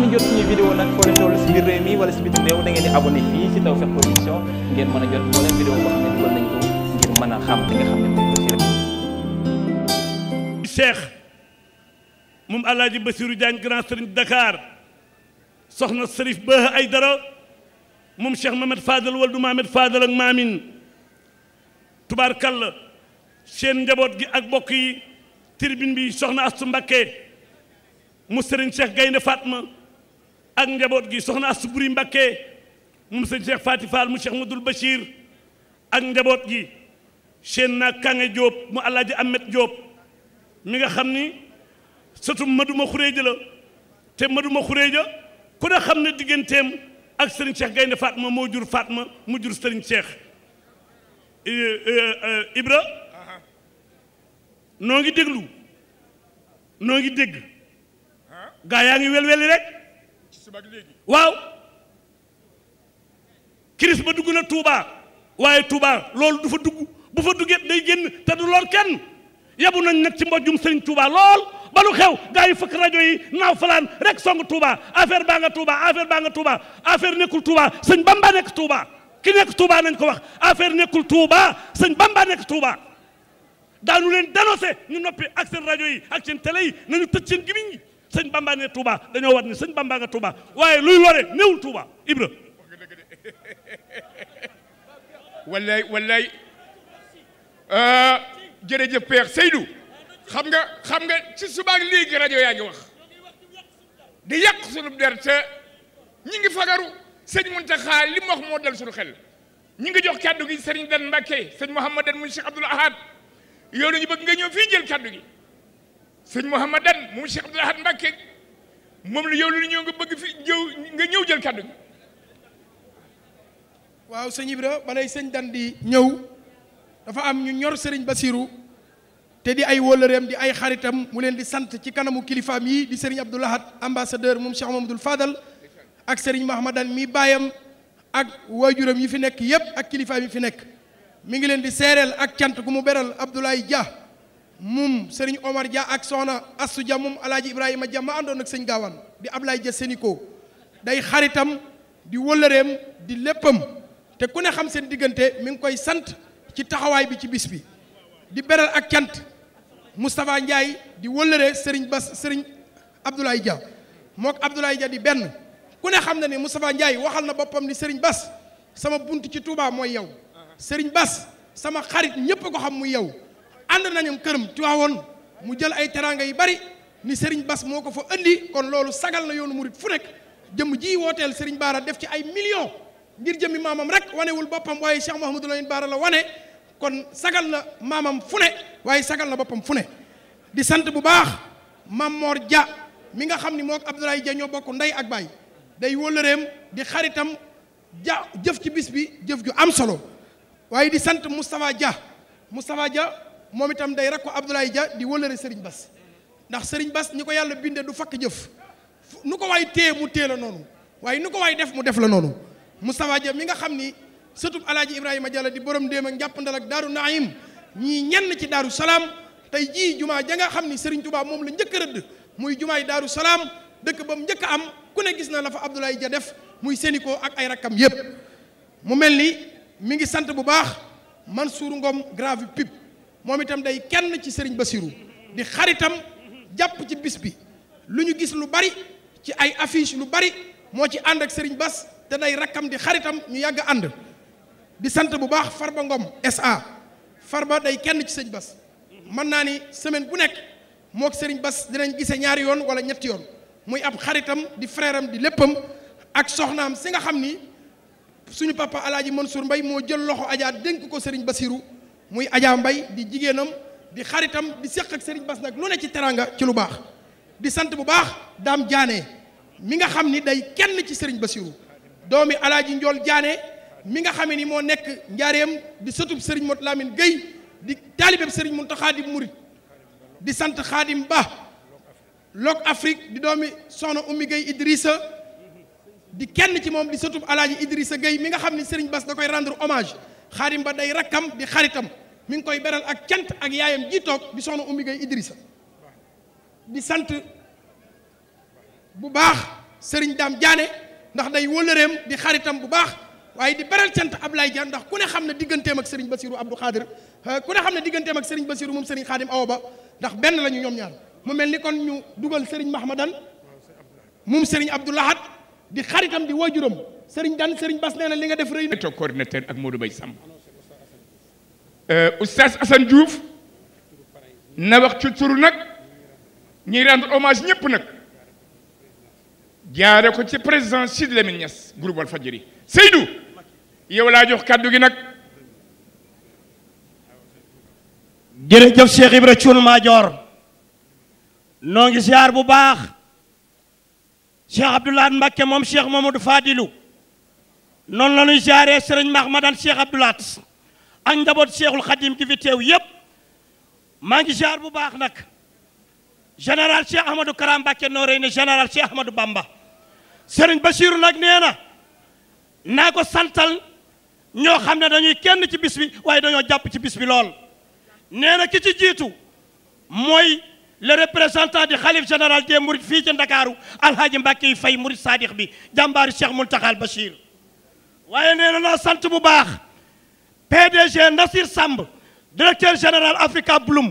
ngeen jot suñu vidéo nag foo leen toll moom la rek. Cheikh moom grand serigne Dakar soxna Serif Ba Aydara moom Cheikh Mamed Fadal wala du Mamed Fadal ak Maamin tubaarkàlla seen njaboot gi ak mbokk yi tribune bi soxna Astu Mbakke mu Serigne Cheikh Gaynde Fatma. ak njaboot gi soxna Astou Boury mbakke moom sëñ Cheikh Faty Fall mu Cheikh dul Bachir ak njaboot gi seen naa Kange joob mu Alaaji Ahmed Diop mi nga xam ni sëtum Maduma Xuréeja la te Maduma Xuréeja ku ne xam ne digganteem ak sëriñ Cheikh Gaynde Fatma moo jur ma mu jur sëriñ Cheikh eh, eh, eh, Ibra noo ngi déglu noo ngi dégg gaa yaa ngi welweli rek waaw kiris ba dugg na Touba waaye Touba loolu du fa dugg bu fa duggee day génn te du lor kenn yabu nañ nag ci mbojum sëriñ Touba lool ba lu xew gaa yi fëkk rajo yi naaw falaan rek song Touba affaire baa nga Touba affaire baa nga Touba affaire nekkul Touba sëñ Bamba nekk Touba ki nekk Touba nañ ko wax affaire nekkul Touba sëñ Bamba nekk Touba daanu leen dénoncé ñu noppi ak seen rajo yi ak seen télé yi nañu tëj seen gimiñ yi sëñ bamba ne touba dañoo war ni sëñ bamba nga touba waaye luy lore néewul touba ibra wallaay wallaay euh, jërëjëf Père Seydou xam nga xam nga ci subaak léegi rajo yaa ngi wax di yàq sunu der te ñi ngi fagaru sëñ Muntaxa li mu wax moo dal suñu xel ñi ngi jox kàddu gi sëriñ Dan Mbàkke sëñ Mouhamadan mu Cheikh Abdoul Ahad yow la ñu bëgg nga ñëw fii jël kàddu gi sëñ Mouhamadan moom Cheikh Abdoul Ahad Mbacké moom la yow lu ñëw nga bëgg fi ñëw nga ñëw jël kàddu gi waaw sëñ Ibra balay sëñ dan ñëw dafa am ñu ñor sëriñ Basiru te di ay wóllëreem di ay xaritam mu leen di sant ci kanamu kilifaam yi di sëriñ Abdoul Ahad ambassadeur moom Cheikh Mamadou Fadal ak sëriñ Mouhamadan mi baayam ak waajuram yi fi nekk yépp ak kilifaam yi fi nekk mu ngi leen di seereel ak cant gu mu beral Abdoulaye Dia mum Serigne Omar Dia ak soxna Astou Dia mum alaaji Ibrahima Dia ma àndoon ak sëñ Gaawaan di Ablaye Dia Seniko day xaritam di wëllëreem di léppam te ku ne xam seen diggante mi ngi koy sant ci taxawaay bi ci bis bi di beral ak cant Moustapha Ndiaye di wëllëre Serigne Bass Serigne Abdoulaye Dia mook Abdoulaye Dia di benn ku ne xam na ne Moustapha Ndiaye waxal na boppam ni Serigne Bass sama bunt ci Touba mooy yow Serigne bas sama xarit ñépp ko xam muy yow ànd nañu këram Tiwaawoon mu jël ay teraanga yu bari ni Serigne Bass moo ko fa andi kon loolu sagal na yoonu murit fu nekk jëm ji wooteel Serigne Bara def ci ay millions ngir jëmmi maamam rek wanewul boppam waaye Cheikh Mouhamadou Lamine Bara la wane kon sagal na maamam fu ne waaye sagal na boppam fu ne di sant bu baax Mame moor ja mi nga xam ni moo Abdoulaye Dia ñoo bokk ndey ak baay day wóllëreem di xaritam ja jëf ci bis bi jëf ju am solo waaye di sant Moustapha Dia Moustapha Dia moom itam day rakku Abdoulaye ja di wëlëre Serigne bas ndax Serigne Bass ñi ko yàlla binde du fakk jëf nu ko waay téye mu téye la noonu waaye nu ko waay def mu def la noonu Moustapha ja mi nga xam ni sëtub alaaji Ibrahima Diallo di borom déem ak njàpp ak daaru naim ñii ñenn ci daaru salaam tey jii jumaa ja nga xam ni Serigne Touba moom la njëkk a rëdd muy jumaay daaru salaam dëkk ba mu njëkk am ku ne gis na la fa Abdoulaye Dia def muy Sénico ak ay rakkam yépp mel ni mi ngi sant bu baax Mansour Ngom grave pip moom itam day kenn ci sëriñ Basiru di xaritam jàpp ci bis bi lu ñu gis lu bari ci ay affiche lu bari moo ci ànd ak sëriñ Bas te day rakkam di xaritam ñu yàgg ànd di sant bu baax far ba Ngom SA ba day kenn ci sëriñ Bas mën naa ni semaine bu nekk moo sëriñ Bas dinañ gise ñaari yoon wala ñetti yoon muy ab xaritam di frère am di léppam ak soxnaam si nga xam ni suñu papa alaaji Mansour Mbay moo jël loxo Adja dénk ko sëriñ Basiru muy Adja Mbay di jigéenam di xaritam di séq ak Serigne Bass nag lu ne ci teranga ci lu baax di sant bu baax daam jaane mi nga xam ni day kenn ci sëriñ Bassirou doomi alaaji njool jaane mi nga xamee ni moo nekk njaareem di sëtub sëriñ Mot Lamine Gueye di taalibeeb Serigne Mountakha di muri di sant Xaadim Ba Lok Afrique di doomi soxna Oumy Gueye Idrissa di kenn ci moom di sëtub alaaji Idrissa Gueye mi nga xam ni Serigne Bass da koy rendre hommage xaadim ba day rakkam di xaritam mi ngi koy beral ak cant ak yaayam ji toog di soxna ummi gay Idrissa di sant bu baax sëriñ daam jaane ndax day wëllëreem di xaritam bu baax waaye di beral cant Ablaye Dia ndax ku ne xam ne digganteem ak sëriñ Basiru Abdou Khadir euh, ku ne xam ne digganteem ak sëriñ Basiru moom sëriñ xaadim awa ba ndax benn la ñu ñoom ñaar mu mel ni kon ñu dugal sëriñ Mahmadan moom sëriñ Abdoulahad di xaritam di waajuram sëriñ daan sëriñ Bass nee na li nga def rëy na toog coordinateur ak Modou Bay Samb euh, oustaz Assane Diouf na wax ci nag ñiy rendre hommage ñëpp nag jaare ko ci président Sidy Lamine Niass groupe Walfadjri Seydou yow laa jox kàddu gi nag jërëjëf Cheikh Ibra Thioune Madior noo ngi ziar bu baax Cheikh Abdoulaye Mbacké moom Cheikh Mamadou Fadilou noonu la ñuy ziare sëriñ Mahmadan Cheikh Abdou Lahat ak njaboot Cheikhul Khadim gi fi teew yëpp maa ngi ziar bu baax nag général Cheikh Ahmadou Karam Mbacké Noreyni général Cheikh Ahmadou Bamba sëriñ Bachirou nag nee na naa ko santal ñoo xam ne dañuy kenn ci bis waaye dañoo jàpp ci bis bi lool nee na ki ci jiitu mooy le représentant du khalife général des mourides fii ci Ndakaaru alhaaji Mbacké fay mourid sadiq bi jàmbaaru Cheikh Mountakhal Bachir waaye nee na naa sant bu baax PDG Nassir Samb directeur général Africa Bloom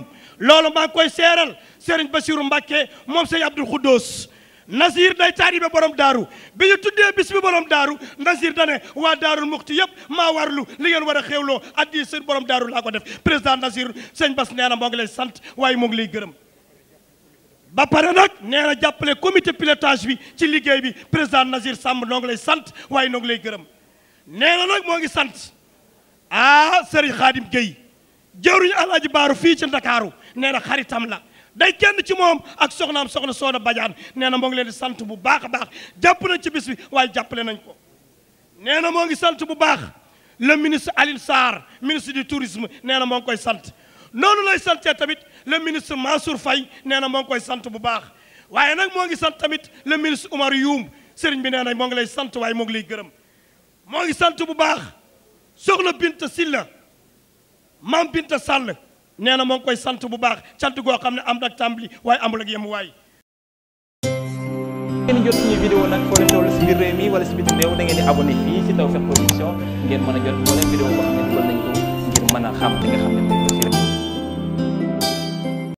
loolu maa koy seeral Serigne Bassirou Mbacké moom sëñ Abdoul Khoudous Nasir day taalibe borom daaru bi ñu tuddee bis bi borom daaru Nasir dane waa daarul muxti yëpp maa warlu li ngeen war a xewloo addi seen borom daaru laa ko def président Nasir sëñ Bass nee na moo ngi lay sant waaye moo ngi lay gërëm ba pare nag nee na jàppale comité pilotage bi ci liggéey bi président Nasir Samb noo lay sant waaye noo lay gërëm nee na nag moo ngi sant ah Serigne Khadim Gueye jëwriñu alaaji baaru fii ci ndakaaru nee na xaritam la day kenn ci moom ak soxnaam soxna Sooda Badiane nee na moo ngi leen di sant bu baax a baax jàpp nañ ci bis bi waaye jàppale nañ ko nee na moo ngi sant bu baax le ministre Alioune Sarr ministre du tourisme nee na moo ngi koy sant noonu lay santee tamit le ministre Mansour Faye nee na moo koy sant bu baax waaye nag moo ngi sant tamit le ministre Oumar Youm sëriñ bi nee na moo ngi lay sant waaye moo ngi lay gërëm moo ngi sant bu baax soxna Binta Silla maam Binta Sall nee na moo ngi koy sant bu baax sant goo xam ne am na tàmbali waaye amul ak yem waay. ngeen jot suñu vidéo nag foo leen toll si biir réew mi wala si a jot moo leen vidéo xam ne a xam nga xam